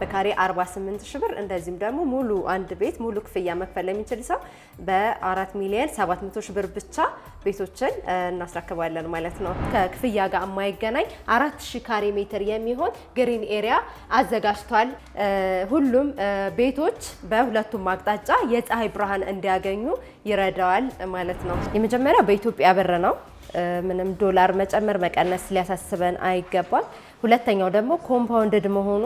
በካሬ 48 ሺህ ብር እንደዚሁም ደግሞ ሙሉ አንድ ቤት ሙሉ ክፍያ መክፈል የሚችል ሰው በ4 ሚሊዮን 700 ሺህ ብር ብቻ ቤቶችን እናስረክባለን ማለት ነው። ከክፍያ ጋር የማይገናኝ 4000 ካሬ ሜትር የሚሆን ግሪን ኤሪያ አዘጋጅቷል። ሁሉም ቤቶች በሁለቱም አቅጣጫ የፀሐይ ብርሃን እንዲያገኙ ይረዳዋል ማለት ነው። የመጀመሪያው በኢትዮጵያ ብር ነው። ምንም ዶላር መጨመር መቀነስ ሊያሳስበን አይገባል። ሁለተኛው ደግሞ ኮምፓውንድድ መሆኑ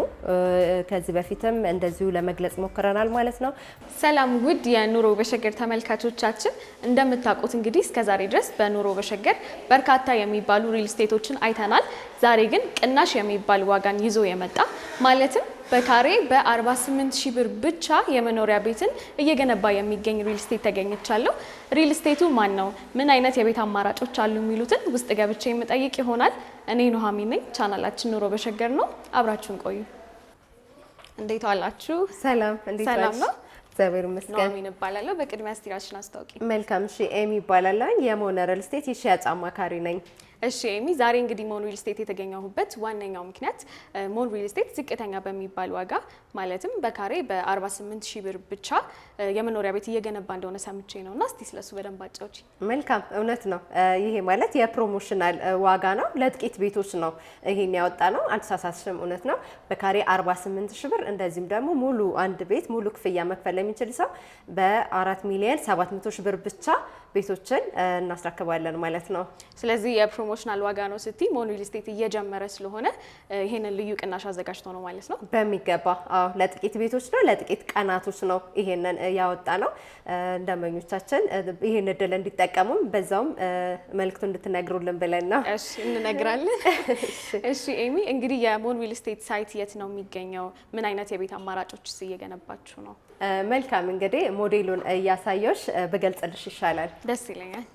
ከዚህ በፊትም እንደዚሁ ለመግለጽ ሞክረናል ማለት ነው። ሰላም ውድ የኑሮ በሸገር ተመልካቾቻችን፣ እንደምታውቁት እንግዲህ እስከ ዛሬ ድረስ በኑሮ በሸገር በርካታ የሚባሉ ሪል ስቴቶችን አይተናል። ዛሬ ግን ቅናሽ የሚባል ዋጋን ይዞ የመጣ ማለትም በካሬ በ48 ሺህ ብር ብቻ የመኖሪያ ቤትን እየገነባ የሚገኝ ሪል ስቴት ተገኝቻለሁ። ሪል ስቴቱ ማን ነው? ምን አይነት የቤት አማራጮች አሉ? የሚሉትን ውስጥ ገብቼ የምጠይቅ ይሆናል። እኔ ኑሃሚ ነኝ። ቻናላችን ኑሮ በሸገር ነው። አብራችሁን ቆዩ። እንዴት ዋላችሁ? ሰላም። እንዴት ሰላም ነው? እግዚአብሔር ይመስገን። ኑሃሚን እባላለሁ። በቅድሚያ ስቲራችን አስታውቂ። መልካም። እሺ፣ ኤሚ ይባላል። የሞነ ሪል ስቴት የሽያጭ አማካሪ ነኝ። እሺ ኤሚ፣ ዛሬ እንግዲህ ሞን ሪል ስቴት የተገኘሁበት ዋነኛው ምክንያት ሞን ሪል ስቴት ዝቅተኛ በሚባል ዋጋ ማለትም በካሬ በ48 ሺ ብር ብቻ የመኖሪያ ቤት እየገነባ እንደሆነ ሰምቼ ነው እና እስቲ ስለሱ በደንብ አጫዎች። መልካም፣ እውነት ነው። ይሄ ማለት የፕሮሞሽናል ዋጋ ነው። ለጥቂት ቤቶች ነው ይሄን ያወጣ ነው። አልተሳሳትሽም፣ እውነት ነው። በካሬ 48 ሺህ ብር እንደዚህም ደግሞ ሙሉ አንድ ቤት ሙሉ ክፍያ መክፈል የሚችል ሰው በ4 ሚሊዮን 700 ሺህ ብር ብቻ ቤቶችን እናስረክባለን ማለት ነው። ስለዚህ የፕሮሞሽናል ዋጋ ነው ስቲ ሞን ሪል ስቴት እየጀመረ ስለሆነ ይሄንን ልዩ ቅናሽ አዘጋጅቶ ነው ማለት ነው። በሚገባ አዎ፣ ለጥቂት ቤቶች ነው ለጥቂት ቀናቶች ነው ይሄንን ያወጣ ነው። ደንበኞቻችን ይሄን እድል እንዲጠቀሙም በዛውም መልክቱ እንድትነግሩልን ብለን ነው። እሺ፣ እንነግራለን። እሺ ኤሚ፣ እንግዲህ የሞን ሪል ስቴት ሳይት የት ነው የሚገኘው? ምን አይነት የቤት አማራጮችስ እየገነባችሁ ነው? መልካም እንግዲህ ሞዴሉን እያሳየሽ በገልጽልሽ ይሻላል። ደስ ይለኛል።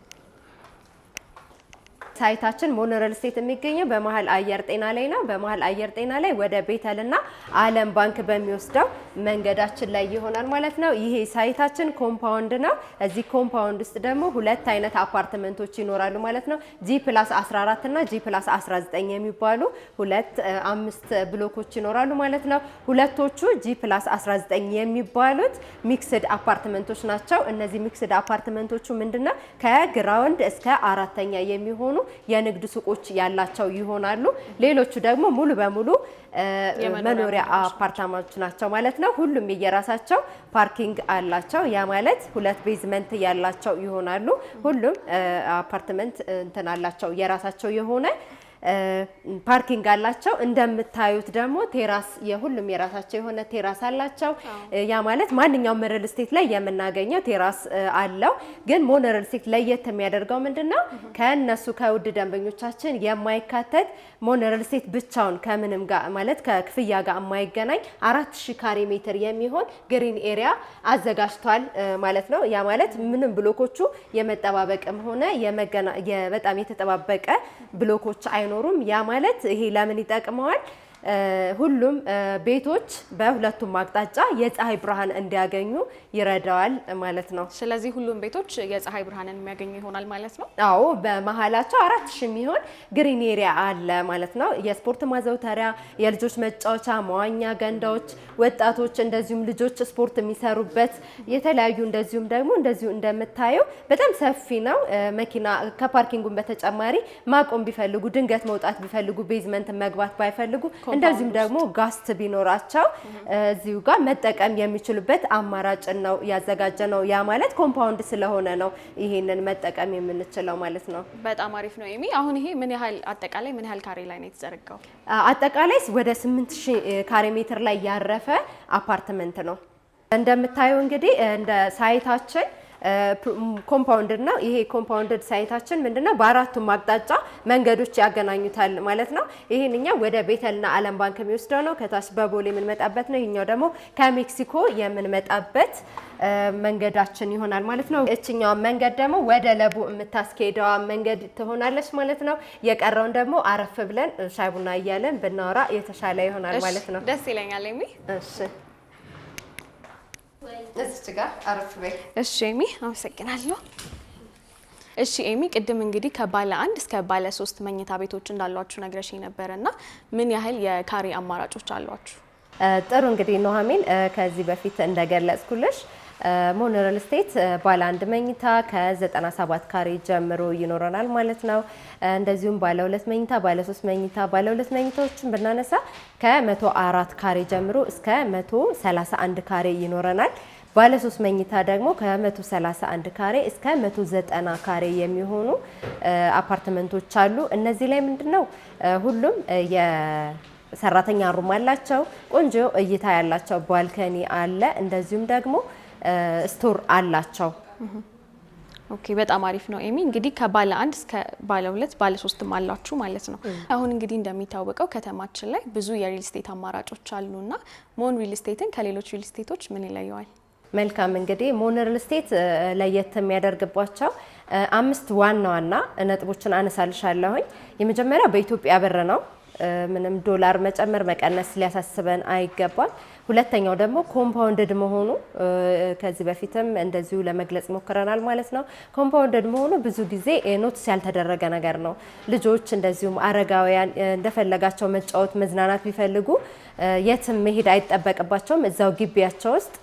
ሳይታችን ሞን ሪል ስቴት የሚገኘው በመሀል አየር ጤና ላይ ነው። በመሀል አየር ጤና ላይ ወደ ቤተልና አለም ባንክ በሚወስደው መንገዳችን ላይ ይሆናል ማለት ነው። ይሄ ሳይታችን ኮምፓውንድ ነው። እዚህ ኮምፓውንድ ውስጥ ደግሞ ሁለት አይነት አፓርትመንቶች ይኖራሉ ማለት ነው። ጂ ፕላስ 14 እና ጂ ፕላስ 19 የሚባሉ ሁለት አምስት ብሎኮች ይኖራሉ ማለት ነው። ሁለቶቹ ጂ ፕላስ 19 የሚባሉት ሚክስድ አፓርትመንቶች ናቸው። እነዚህ ሚክስድ አፓርትመንቶቹ ምንድነው ከግራውንድ እስከ አራተኛ የሚሆኑ የንግድ ሱቆች ያላቸው ይሆናሉ። ሌሎቹ ደግሞ ሙሉ በሙሉ መኖሪያ አፓርታማዎች ናቸው ማለት ነው። ሁሉም የየራሳቸው ፓርኪንግ አላቸው። ያ ማለት ሁለት ቤዝመንት ያላቸው ይሆናሉ። ሁሉም አፓርትመንት እንትን አላቸው የራሳቸው የሆነ ፓርኪንግ አላቸው። እንደምታዩት ደግሞ ቴራስ የሁሉም የራሳቸው የሆነ ቴራስ አላቸው። ያ ማለት ማንኛውም ሪል ስቴት ላይ የምናገኘው ቴራስ አለው። ግን ሞኖ ሪል ስቴት ለየት የሚያደርገው ምንድን ነው? ከእነሱ ከውድ ደንበኞቻችን የማይካተት ሞኖ ሪል ስቴት ብቻውን ከምንም ጋር ማለት ከክፍያ ጋር የማይገናኝ አራት ሺ ካሬ ሜትር የሚሆን ግሪን ኤሪያ አዘጋጅቷል ማለት ነው። ያ ማለት ምንም ብሎኮቹ የመጠባበቅም ሆነ በጣም የተጠባበቀ ብሎኮች አይኖ አይኖሩም። ያ ማለት ይሄ ለምን ይጠቅመዋል? ሁሉም ቤቶች በሁለቱም አቅጣጫ የፀሐይ ብርሃን እንዲያገኙ ይረዳዋል ማለት ነው። ስለዚህ ሁሉም ቤቶች የፀሐይ ብርሃንን የሚያገኙ ይሆናል ማለት ነው። አዎ በመሀላቸው አራት ሺ የሚሆን ግሪን ኤሪያ አለ ማለት ነው። የስፖርት ማዘውተሪያ፣ የልጆች መጫወቻ፣ መዋኛ ገንዳዎች፣ ወጣቶች እንደዚሁም ልጆች ስፖርት የሚሰሩበት የተለያዩ እንደዚሁም ደግሞ እንደዚሁ እንደምታየው በጣም ሰፊ ነው። መኪና ከፓርኪንጉን በተጨማሪ ማቆም ቢፈልጉ ድንገት መውጣት ቢፈልጉ ቤዝመንት መግባት ባይፈልጉ እንደዚሁም ደግሞ ጋስት ቢኖራቸው እዚሁ ጋር መጠቀም የሚችሉበት አማራጭ ነው ያዘጋጀ ነው። ያ ማለት ኮምፓውንድ ስለሆነ ነው ይሄንን መጠቀም የምንችለው ማለት ነው። በጣም አሪፍ ነው። ኤሚ አሁን ይሄ ምን ያህል አጠቃላይ ምን ያህል ካሬ ላይ ነው የተዘረጋው? አጠቃላይ ወደ 8000 ካሬ ሜትር ላይ ያረፈ አፓርትመንት ነው። እንደምታየው እንግዲህ እንደ ሳይታችን ኮምፓውንድድ ነው። ይሄ ኮምፓውንድድ ሳይታችን ምንድነው? በአራቱም አቅጣጫ መንገዶች ያገናኙታል ማለት ነው። ይህንኛ ወደ ቤተልና አለም ባንክ የሚወስደው ነው። ከታች በቦሌ የምንመጣበት ነው። ይህኛው ደግሞ ከሜክሲኮ የምንመጣበት መንገዳችን ይሆናል ማለት ነው። እችኛዋ መንገድ ደግሞ ወደ ለቡ የምታስኬደዋ መንገድ ትሆናለች ማለት ነው። የቀረውን ደግሞ አረፍ ብለን ሻይ ቡና እያለን ብናወራ የተሻለ ይሆናል ማለት ነው። ደስ ይለኛል። እሺ እዚች ጋር አረፍ በይ። እሺ ኤሚ አመሰግናለሁ። እሺ ኤሚ ቅድም እንግዲህ ከባለ አንድ እስከ ባለ ሶስት መኝታ ቤቶች እንዳሏችሁ ነግረሽ ነበር እና ምን ያህል የካሬ አማራጮች አሏችሁ? ጥሩ እንግዲህ ኑሐሚን ከዚህ በፊት እንደገለጽኩልሽ ሞን ሪል ስቴት ባለ አንድ መኝታ ከ97 ካሬ ጀምሮ ይኖረናል ማለት ነው። እንደዚሁም ባለ ሁለት መኝታ፣ ባለ ሶስት መኝታ፣ ባለ ሁለት መኝታዎችን ብናነሳ ከ104 ካሬ ጀምሮ እስከ 131 ካሬ ይኖረናል። ባለ ሶስት መኝታ ደግሞ ከ131 ካሬ እስከ 190 ካሬ የሚሆኑ አፓርትመንቶች አሉ። እነዚህ ላይ ምንድነው ሁሉም የሰራተኛ ሩም አላቸው። ቆንጆ እይታ ያላቸው ባልከኒ አለ። እንደዚሁም ደግሞ ስቶር አላቸው። ኦኬ በጣም አሪፍ ነው ኤሚ። እንግዲህ ከባለ አንድ እስከ ባለ ሁለት ባለ ሶስትም አላችሁ ማለት ነው። አሁን እንግዲህ እንደሚታወቀው ከተማችን ላይ ብዙ የሪል ስቴት አማራጮች አሉና ሞን ሪል ስቴትን ከሌሎች ሪል ስቴቶች ምን ይለየዋል? መልካም እንግዲህ ሞን ሪል ስቴት ለየት የሚያደርግባቸው አምስት ዋና ዋና ነጥቦችን አነሳልሻለሁኝ። የመጀመሪያው በኢትዮጵያ ብር ነው። ምንም ዶላር መጨመር መቀነስ ሊያሳስበን አይገባል። ሁለተኛው ደግሞ ኮምፓውንድድ መሆኑ ከዚህ በፊትም እንደዚሁ ለመግለጽ ሞክረናል ማለት ነው። ኮምፓውንድድ መሆኑ ብዙ ጊዜ ኖትስ ያልተደረገ ነገር ነው። ልጆች እንደዚሁም አረጋውያን እንደፈለጋቸው መጫወት፣ መዝናናት ቢፈልጉ የትም መሄድ አይጠበቅባቸውም። እዛው ግቢያቸው ውስጥ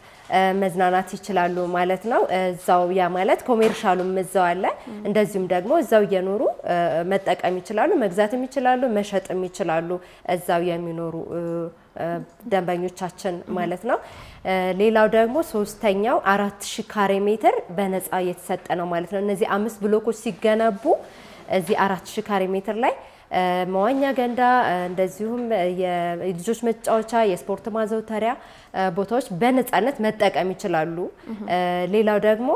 መዝናናት ይችላሉ ማለት ነው። እዛው ያ ማለት ኮሜርሻሉም እዛው አለ። እንደዚሁም ደግሞ እዛው እየኖሩ መጠቀም ይችላሉ፣ መግዛትም ይችላሉ፣ መሸጥም ይችላሉ እዛው የሚኖሩ ደንበኞቻችን ማለት ነው። ሌላው ደግሞ ሶስተኛው አራት ሺ ካሬ ሜትር በነፃ እየተሰጠ ነው ማለት ነው። እነዚህ አምስት ብሎኮች ሲገነቡ እዚህ አራት ሺ ካሬ ሜትር ላይ መዋኛ ገንዳ፣ እንደዚሁም የልጆች መጫወቻ፣ የስፖርት ማዘውተሪያ ቦታዎች በነፃነት መጠቀም ይችላሉ። ሌላው ደግሞ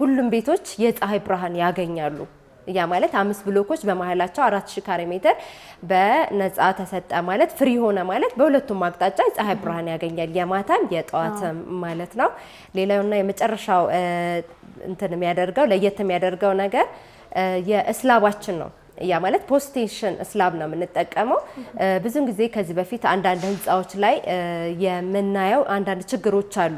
ሁሉም ቤቶች የፀሐይ ብርሃን ያገኛሉ። ያ ማለት አምስት ብሎኮች በመሀላቸው አራት ሺ ካሬ ሜትር በነፃ ተሰጠ ማለት ፍሪ ሆነ ማለት በሁለቱም አቅጣጫ የፀሐይ ብርሃን ያገኛል፣ የማታም የጠዋትም ማለት ነው። ሌላውና የመጨረሻው እንትን የሚያደርገው ለየት የሚያደርገው ነገር የእስላባችን ነው። ያ ማለት ፖስቴሽን ስላብ ነው የምንጠቀመው። ብዙን ጊዜ ከዚህ በፊት አንዳንድ ህንፃዎች ላይ የምናየው አንዳንድ ችግሮች አሉ።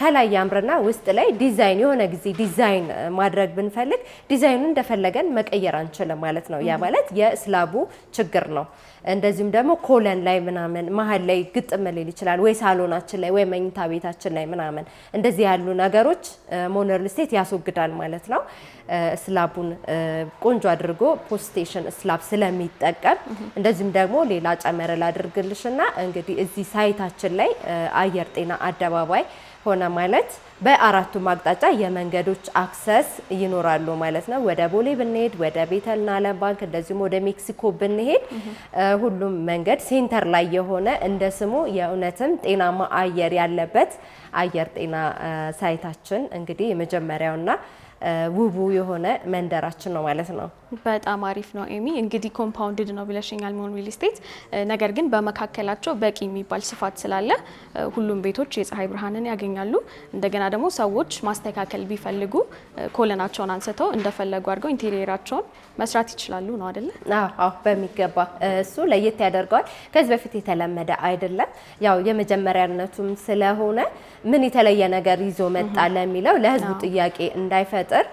ከላይ ያምርና ውስጥ ላይ ዲዛይን የሆነ ጊዜ ዲዛይን ማድረግ ብንፈልግ ዲዛይኑን እንደፈለገን መቀየር አንችልም ማለት ነው። ያ ማለት የስላቡ ችግር ነው። እንደዚሁም ደግሞ ኮለን ላይ ምናምን መሀል ላይ ግጥም ሊል ይችላል ወይ ሳሎናችን ላይ ወይ መኝታ ቤታችን ላይ ምናምን እንደዚህ ያሉ ነገሮች ሞነር ስቴት ያስወግዳል ማለት ነው። ስላቡን ቆንጆ አድርጎ ፖስቴሽን ስላብ ስለሚጠቀም እንደዚሁም ደግሞ ሌላ ጨመረ ላድርግልሽና እንግዲህ እዚህ ሳይታችን ላይ አየር ጤና አደባባይ ሆነ ማለት በአራቱም አቅጣጫ የመንገዶች አክሰስ ይኖራሉ ማለት ነው። ወደ ቦሌ ብንሄድ፣ ወደ ቤተልና ዓለም ባንክ እንደዚሁም ወደ ሜክሲኮ ብንሄድ ሁሉም መንገድ ሴንተር ላይ የሆነ እንደ ስሙ የእውነትም ጤናማ አየር ያለበት አየር ጤና ሳይታችን እንግዲህ የመጀመሪያውና ውቡ የሆነ መንደራችን ነው ማለት ነው። በጣም አሪፍ ነው ኤሚ። እንግዲህ ኮምፓውንድድ ነው ብለሽኛል መሆን ሪል ስቴት፣ ነገር ግን በመካከላቸው በቂ የሚባል ስፋት ስላለ ሁሉም ቤቶች የፀሐይ ብርሃንን ያገኛሉ። እንደገና ደግሞ ሰዎች ማስተካከል ቢፈልጉ ኮለናቸውን አንስተው እንደፈለጉ አድርገው ኢንቴሪየራቸውን መስራት ይችላሉ ነው አደለ? አዎ በሚገባ እሱ ለየት ያደርገዋል። ከዚህ በፊት የተለመደ አይደለም። ያው የመጀመሪያነቱም ስለሆነ ምን የተለየ ነገር ይዞ መጣ ለሚለው ለህዝቡ ጥያቄ እንዳይፈጥ ቁጥር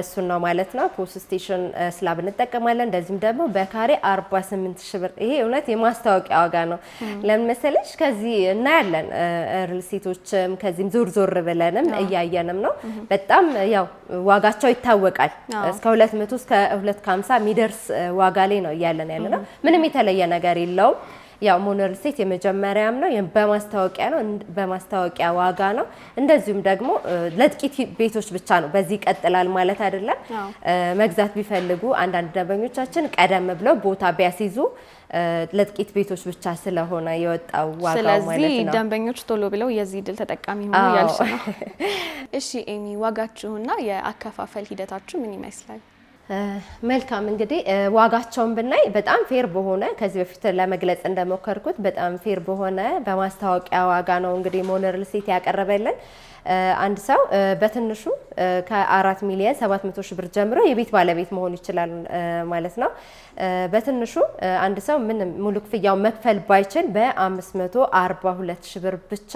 እሱን ነው ማለት ነው። ፖስት ስቴሽን ስላብ እንጠቀማለን። እንደዚህም ደግሞ በካሬ 48 ሺህ ብር። ይሄ እውነት የማስታወቂያ ዋጋ ነው። ለምን መሰለሽ ከዚህ እናያለን ሪል ሴቶችም ከዚህም ዞር ዞር ብለንም እያየንም ነው። በጣም ያው ዋጋቸው ይታወቃል። እስከ 200 እስከ 250 የሚደርስ ዋጋ ላይ ነው እያለን ያለ ነው። ምንም የተለየ ነገር የለውም። ያው ሞኖሪል ስቴት የመጀመሪያም ነው በማስታወቂያ ነው በማስታወቂያ ዋጋ ነው። እንደዚሁም ደግሞ ለጥቂት ቤቶች ብቻ ነው። በዚህ ይቀጥላል ማለት አይደለም። መግዛት ቢፈልጉ አንዳንድ ደንበኞቻችን ቀደም ብለው ቦታ ቢያስይዙ ለጥቂት ቤቶች ብቻ ስለሆነ የወጣው ዋጋ ማለት ነው። ስለዚህ ደንበኞች ቶሎ ብለው የዚህ ድል ተጠቃሚ ሆኑ ያልሽ ነው። እሺ ኤሚ፣ ዋጋችሁና የአከፋፈል ሂደታችሁ ምን ይመስላል? መልካም እንግዲህ ዋጋቸውን ብናይ በጣም ፌር በሆነ ከዚህ በፊት ለመግለጽ እንደሞከርኩት በጣም ፌር በሆነ በማስታወቂያ ዋጋ ነው እንግዲህ ሞነር ልሴት ያቀረበልን። አንድ ሰው በትንሹ ከአራት ሚሊዮን ሰባት መቶ ሺህ ብር ጀምሮ የቤት ባለቤት መሆን ይችላል ማለት ነው። በትንሹ አንድ ሰው ምን ሙሉ ክፍያው መክፈል ባይችል አርባ ሁለት ሺህ ብር ብቻ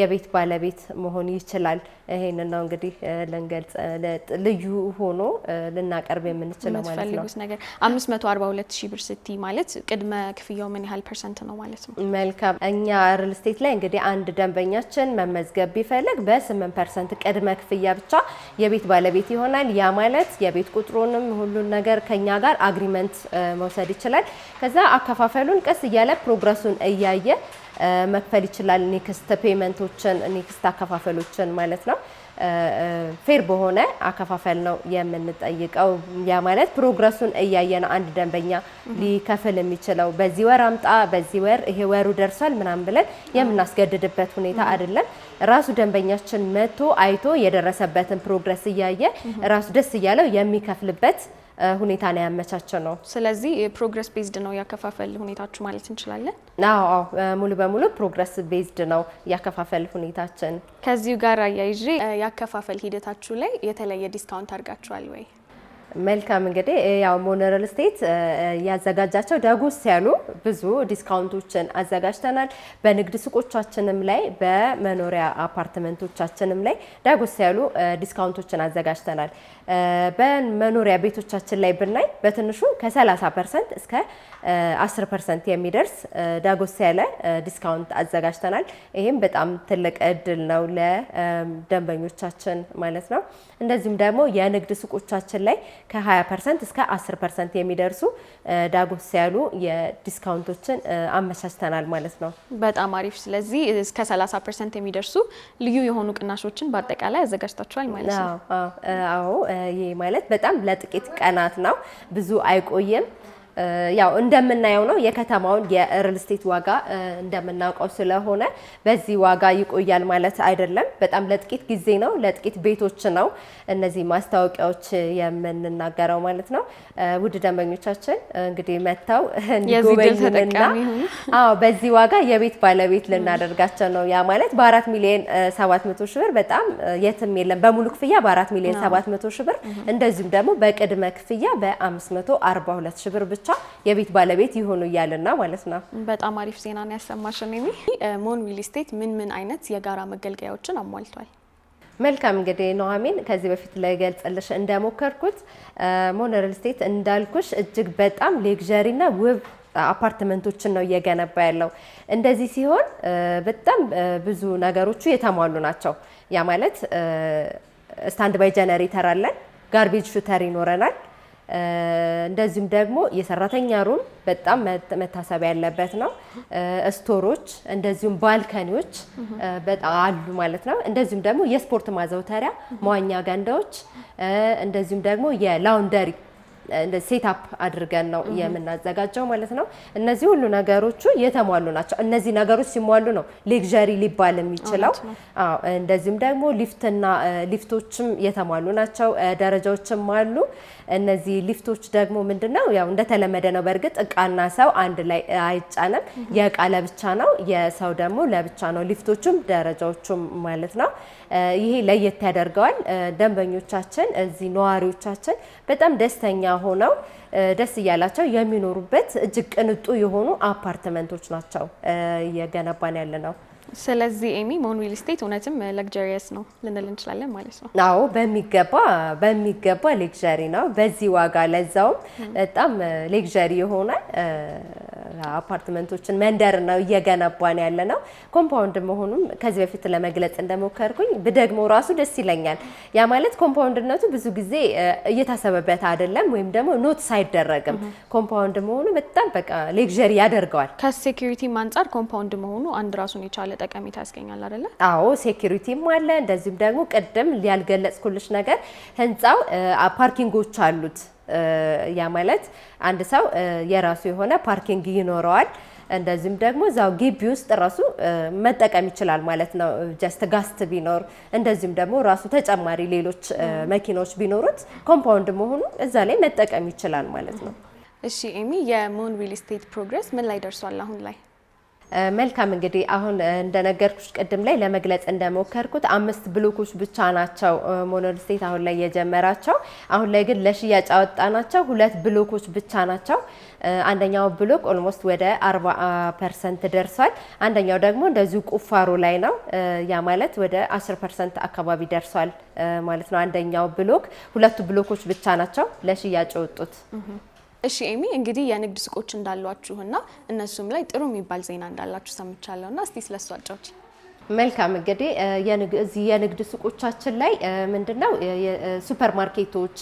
የቤት ባለቤት መሆን ይችላል። ይሄንን ነው እንግዲህ ልንገልጽ ልዩ ሆኖ ልናቀርብ የምንችለው ማለት ነው። ነገር 542 ሺህ ብር ስቲ ማለት ቅድመ ክፍያው ምን ያህል ፐርሰንት ነው ማለት ነው? መልካም እኛ ሪል ስቴት ላይ እንግዲህ አንድ ደንበኛችን መመዝገብ ቢፈልግ በ8 ፐርሰንት ቅድመ ክፍያ ብቻ የቤት ባለቤት ይሆናል። ያ ማለት የቤት ቁጥሩንም ሁሉን ነገር ከኛ ጋር አግሪመንት መውሰድ ይችላል። ከዛ አከፋፈሉን ቀስ እያለ ፕሮግረሱን እያየ መክፈል ይችላል። ኔክስት ፔመንቶችን፣ ኔክስት አከፋፈሎችን ማለት ነው። ፌር በሆነ አከፋፈል ነው የምንጠይቀው። ያ ማለት ፕሮግረሱን እያየን አንድ ደንበኛ ሊከፍል የሚችለው በዚህ ወር አምጣ፣ በዚህ ወር ይሄ ወሩ ደርሷል ምናምን ብለን የምናስገድድበት ሁኔታ አይደለም። ራሱ ደንበኛችን መጥቶ አይቶ የደረሰበትን ፕሮግረስ እያየ ራሱ ደስ እያለው የሚከፍልበት ሁኔታን ያመቻቸ ነው። ስለዚህ ፕሮግረስ ቤዝድ ነው ያከፋፈል ሁኔታችሁ ማለት እንችላለን? አዎ አዎ፣ ሙሉ በሙሉ ፕሮግረስ ቤዝድ ነው ያከፋፈል ሁኔታችን። ከዚሁ ጋር አያይዤ ያከፋፈል ሂደታችሁ ላይ የተለየ ዲስካውንት አድርጋችኋል ወይ? መልካም እንግዲህ ያው ሞኖሪል ስቴት ያዘጋጃቸው ዳጎስ ያሉ ብዙ ዲስካውንቶችን አዘጋጅተናል። በንግድ ሱቆቻችንም ላይ በመኖሪያ አፓርትመንቶቻችንም ላይ ደጉስ ያሉ ዲስካውንቶችን አዘጋጅተናል። በመኖሪያ ቤቶቻችን ላይ ብናይ በትንሹ ከ30 ፐርሰንት እስከ 10 ፐርሰንት የሚደርስ ዳጎስ ያለ ዲስካውንት አዘጋጅተናል። ይህም በጣም ትልቅ እድል ነው ለደንበኞቻችን ማለት ነው። እንደዚሁም ደግሞ የንግድ ሱቆቻችን ላይ ከ20 ፐርሰንት እስከ 10 ፐርሰንት የሚደርሱ ዳጎስ ያሉ የዲስካውንቶችን አመቻችተናል ማለት ነው። በጣም አሪፍ። ስለዚህ እስከ 30 ፐርሰንት የሚደርሱ ልዩ የሆኑ ቅናሾችን በአጠቃላይ አዘጋጅታችኋል ማለት ነው። አዎ፣ ይህ ማለት በጣም ለጥቂት ቀናት ነው፣ ብዙ አይቆይም። ያው እንደምናየው ነው የከተማውን የሪል ስቴት ዋጋ እንደምናውቀው ስለሆነ በዚህ ዋጋ ይቆያል ማለት አይደለም። በጣም ለጥቂት ጊዜ ነው፣ ለጥቂት ቤቶች ነው እነዚህ ማስታወቂያዎች የምንናገረው ማለት ነው። ውድ ደንበኞቻችን እንግዲህ መጥተው እንዲጎበኙንና አዎ በዚህ ዋጋ የቤት ባለቤት ልናደርጋቸው ነው። ያ ማለት በአራት ሚሊዮን ሰባት መቶ ሺህ ብር በጣም የትም የለም በሙሉ ክፍያ በአራት ሚሊዮን ሰባት መቶ ሺህ ብር እንደዚሁም ደግሞ በቅድመ ክፍያ በአምስት መቶ አርባ ሁለት ሺህ ብር ብቻ የቤት ባለቤት ይሆኑ እያለና ማለት ነው። በጣም አሪፍ ዜና ነው ያሰማሽን። ሚ ሞን ሪል ስቴት ምን ምን አይነት የጋራ መገልገያዎችን አሟልቷል? መልካም እንግዲህ ኑሐሚን ከዚህ በፊት ልገልጽልሽ እንደሞከርኩት ሞን ሪል ስቴት እንዳልኩሽ እጅግ በጣም ሌግዣሪና ውብ አፓርትመንቶችን ነው እየገነባ ያለው። እንደዚህ ሲሆን በጣም ብዙ ነገሮቹ የተሟሉ ናቸው። ያ ማለት ስታንድ ባይ ጀነሬተር አለን፣ ጋርቤጅ ሹተር ይኖረናል እንደዚሁም ደግሞ የሰራተኛ ሩም በጣም መታሰብ ያለበት ነው። ስቶሮች እንደዚሁም ባልከኒዎች በጣም አሉ ማለት ነው። እንደዚሁም ደግሞ የስፖርት ማዘውተሪያ መዋኛ ገንዳዎች እንደዚሁም ደግሞ የላውንደሪ ሴታፕ አድርገን ነው የምናዘጋጀው ማለት ነው። እነዚህ ሁሉ ነገሮቹ የተሟሉ ናቸው። እነዚህ ነገሮች ሲሟሉ ነው ሌግዣሪ ሊባል የሚችለው። እንደዚሁም ደግሞ ሊፍትና ሊፍቶችም የተሟሉ ናቸው። ደረጃዎችም አሉ። እነዚህ ሊፍቶች ደግሞ ምንድነው ያው እንደተለመደ ነው። በእርግጥ እቃና ሰው አንድ ላይ አይጫንም። የእቃ ለብቻ ነው፣ የሰው ደግሞ ለብቻ ነው። ሊፍቶቹም ደረጃዎቹም ማለት ነው። ይሄ ለየት ያደርገዋል። ደንበኞቻችን እዚህ ነዋሪዎቻችን በጣም ደስተኛ ሆነው ደስ እያላቸው የሚኖሩበት እጅግ ቅንጡ የሆኑ አፓርትመንቶች ናቸው እየገነባን ያለ ነው። ስለዚህ ኤሚ ሞን ሪል ስቴት እውነትም ለግጀሪየስ ነው ልንል እንችላለን ማለት ነው። አዎ በሚገባ በሚገባ ሌግዠሪ ነው። በዚህ ዋጋ ለዛውም በጣም ሌግዠሪ የሆነ አፓርትመንቶችን መንደር ነው እየገነባን ያለ ነው። ኮምፓውንድ መሆኑም ከዚህ በፊት ለመግለጽ እንደሞከርኩኝ ብደግሞ ራሱ ደስ ይለኛል። ያ ማለት ኮምፓውንድነቱ ብዙ ጊዜ እየታሰበበት አይደለም፣ ወይም ደግሞ ኖት ሳይደረግም ኮምፓውንድ መሆኑ በጣም በቃ ሌግዠሪ ያደርገዋል። ከሴኪሪቲም አንጻር ኮምፓውንድ መሆኑ አንድ ራሱን የቻለ ጠቀሜታ ያስገኛል አይደለ? አዎ ሴኪሪቲም አለ። እንደዚሁም ደግሞ ቅድም ያልገለጽኩልሽ ነገር ህንፃው ፓርኪንጎች አሉት። ያ ማለት አንድ ሰው የራሱ የሆነ ፓርኪንግ ይኖረዋል። እንደዚሁም ደግሞ እዛው ግቢ ውስጥ ራሱ መጠቀም ይችላል ማለት ነው። ጀስት ጋስት ቢኖር እንደዚሁም ደግሞ ራሱ ተጨማሪ ሌሎች መኪናዎች ቢኖሩት ኮምፓውንድ መሆኑ እዛ ላይ መጠቀም ይችላል ማለት ነው። እሺ ኤሚ፣ የሞን ሪል ስቴት ፕሮግረስ ምን ላይ ደርሷል አሁን ላይ? መልካም እንግዲህ አሁን እንደነገርኩሽ ቅድም ላይ ለመግለጽ እንደሞከርኩት አምስት ብሎኮች ብቻ ናቸው ሞኖል ስቴት አሁን ላይ የጀመራቸው። አሁን ላይ ግን ለሽያጭ ናቸው ሁለት ብሎኮች ብቻ ናቸው። አንደኛው ብሎክ ኦልሞስት ወደ 40 ፐርሰንት ደርሷል። አንደኛው ደግሞ እንደዚሁ ቁፋሮ ላይ ነው። ያ ማለት ወደ 10 ፐርሰንት አካባቢ ደርሷል ማለት ነው። አንደኛው ብሎክ ሁለቱ ብሎኮች ብቻ ናቸው ለሽያጭ የወጡት። እሺ ኤሚ እንግዲህ የንግድ ሱቆች እንዳሏችሁና እነሱም ላይ ጥሩ የሚባል ዜና እንዳላችሁ ሰምቻለሁና እስቲ ስለሱ መልካም እንግዲህ እዚህ የንግድ ሱቆቻችን ላይ ምንድነው ሱፐር ማርኬቶች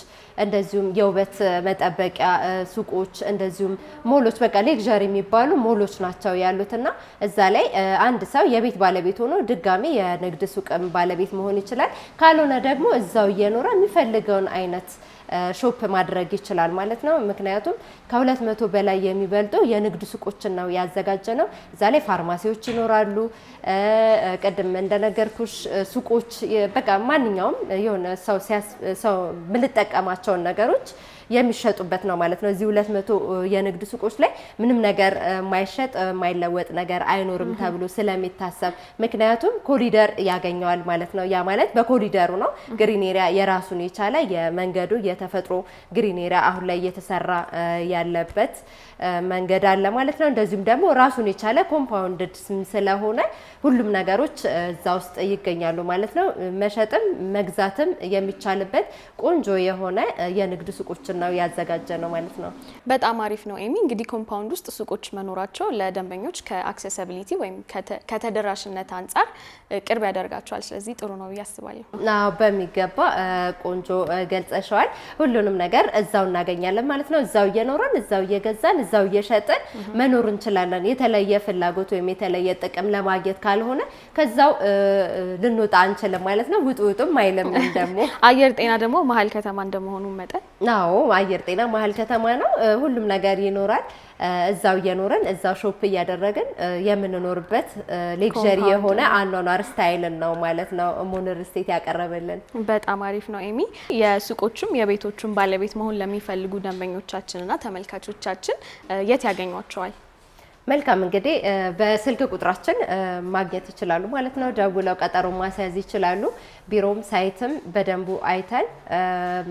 እንደዚሁም የውበት መጠበቂያ ሱቆች እንደዚሁም ሞሎች በቃ ሌክዠሪ የሚባሉ ሞሎች ናቸው ያሉትና እዛ ላይ አንድ ሰው የቤት ባለቤት ሆኖ ድጋሜ የንግድ ሱቅ ባለቤት መሆን ይችላል። ካልሆነ ደግሞ እዛው እየኖረ የሚፈልገውን አይነት ሾፕ ማድረግ ይችላል ማለት ነው። ምክንያቱም ከሁለት መቶ በላይ የሚበልጡ የንግድ ሱቆችን ነው ያዘጋጀ ነው። እዛ ላይ ፋርማሲዎች ይኖራሉ። ቅድም እንደነገርኩሽ ሱቆች፣ በቃ ማንኛውም የሆነ ሰው ምንጠቀማቸውን ነገሮች የሚሸጡበት ነው ማለት ነው። እዚህ ሁለት መቶ የንግድ ሱቆች ላይ ምንም ነገር ማይሸጥ ማይለወጥ ነገር አይኖርም ተብሎ ስለሚታሰብ ምክንያቱም ኮሪደር ያገኘዋል ማለት ነው። ያ ማለት በኮሪደሩ ነው። ግሪን ኤሪያ የራሱን የቻለ የመንገዱ የተፈጥሮ ግሪን ኤሪያ አሁን ላይ እየተሰራ ያለበት መንገድ አለ ማለት ነው። እንደዚሁም ደግሞ ራሱን የቻለ ኮምፓውንድድ ስለሆነ ሁሉም ነገሮች እዛ ውስጥ ይገኛሉ ማለት ነው። መሸጥም መግዛትም የሚቻልበት ቆንጆ የሆነ የንግድ ሱቆችን ነው ያዘጋጀ ነው ማለት ነው። በጣም አሪፍ ነው ኤሚ። እንግዲህ ኮምፓውንድ ውስጥ ሱቆች መኖራቸው ለደንበኞች ከአክሴሲቢሊቲ ወይም ከተደራሽነት አንጻር ቅርብ ያደርጋቸዋል። ስለዚህ ጥሩ ነው ብዬ አስባለሁ። በሚገባ ቆንጆ ገልጸሸዋል። ሁሉንም ነገር እዛው እናገኛለን ማለት ነው። እዛው እየኖረን እዛው እየገዛን እዛው እየሸጥን መኖር እንችላለን። የተለየ ፍላጎት ወይም የተለየ ጥቅም ለማግኘት ካልሆነ ከዛው ልንወጣ አንችልም ማለት ነው። ውጡ ውጡም አይልም ደግሞ አየር ጤና ደግሞ መሀል ከተማ እንደመሆኑ መጠን አዎ አየር ጤና መሀል ከተማ ነው። ሁሉም ነገር ይኖራል። እዛው እየኖረን እዛው ሾፕ እያደረግን የምንኖርበት ሌክዠሪ የሆነ አኗኗር ስታይልን ነው ማለት ነው ሞኖር ስቴት ያቀረበልን። በጣም አሪፍ ነው ኤሚ። የሱቆቹም የቤቶቹም ባለቤት መሆን ለሚፈልጉ ደንበኞቻችንና ተመልካቾቻችን የት ያገኟቸዋል? መልካም እንግዲህ በስልክ ቁጥራችን ማግኘት ይችላሉ ማለት ነው። ደውለው ቀጠሮ ማስያዝ ይችላሉ። ቢሮም ሳይትም በደንቡ አይተን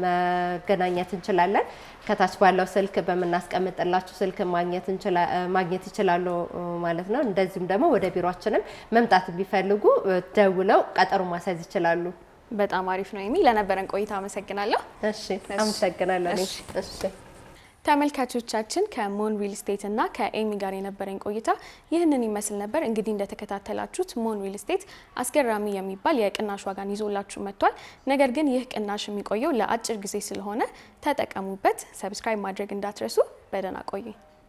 መገናኘት እንችላለን። ከታች ባለው ስልክ በምናስቀምጥላችሁ ስልክ ማግኘት ይችላሉ ማለት ነው። እንደዚሁም ደግሞ ወደ ቢሮችንም መምጣት ቢፈልጉ ደውለው ቀጠሮ ማስያዝ ይችላሉ። በጣም አሪፍ ነው። የሚ ለነበረን ቆይታ አመሰግናለሁ። እሺ፣ አመሰግናለሁ። እሺ ተመልካቾቻችን ከሞን ሪል ስቴት እና ከኤሚ ጋር የነበረኝ ቆይታ ይህንን ይመስል ነበር። እንግዲህ እንደተከታተላችሁት ሞን ሪል ስቴት አስገራሚ የሚባል የቅናሽ ዋጋን ይዞላችሁ መጥቷል። ነገር ግን ይህ ቅናሽ የሚቆየው ለአጭር ጊዜ ስለሆነ ተጠቀሙበት። ሰብስክራይብ ማድረግ እንዳትረሱ። በደህና ቆዩኝ።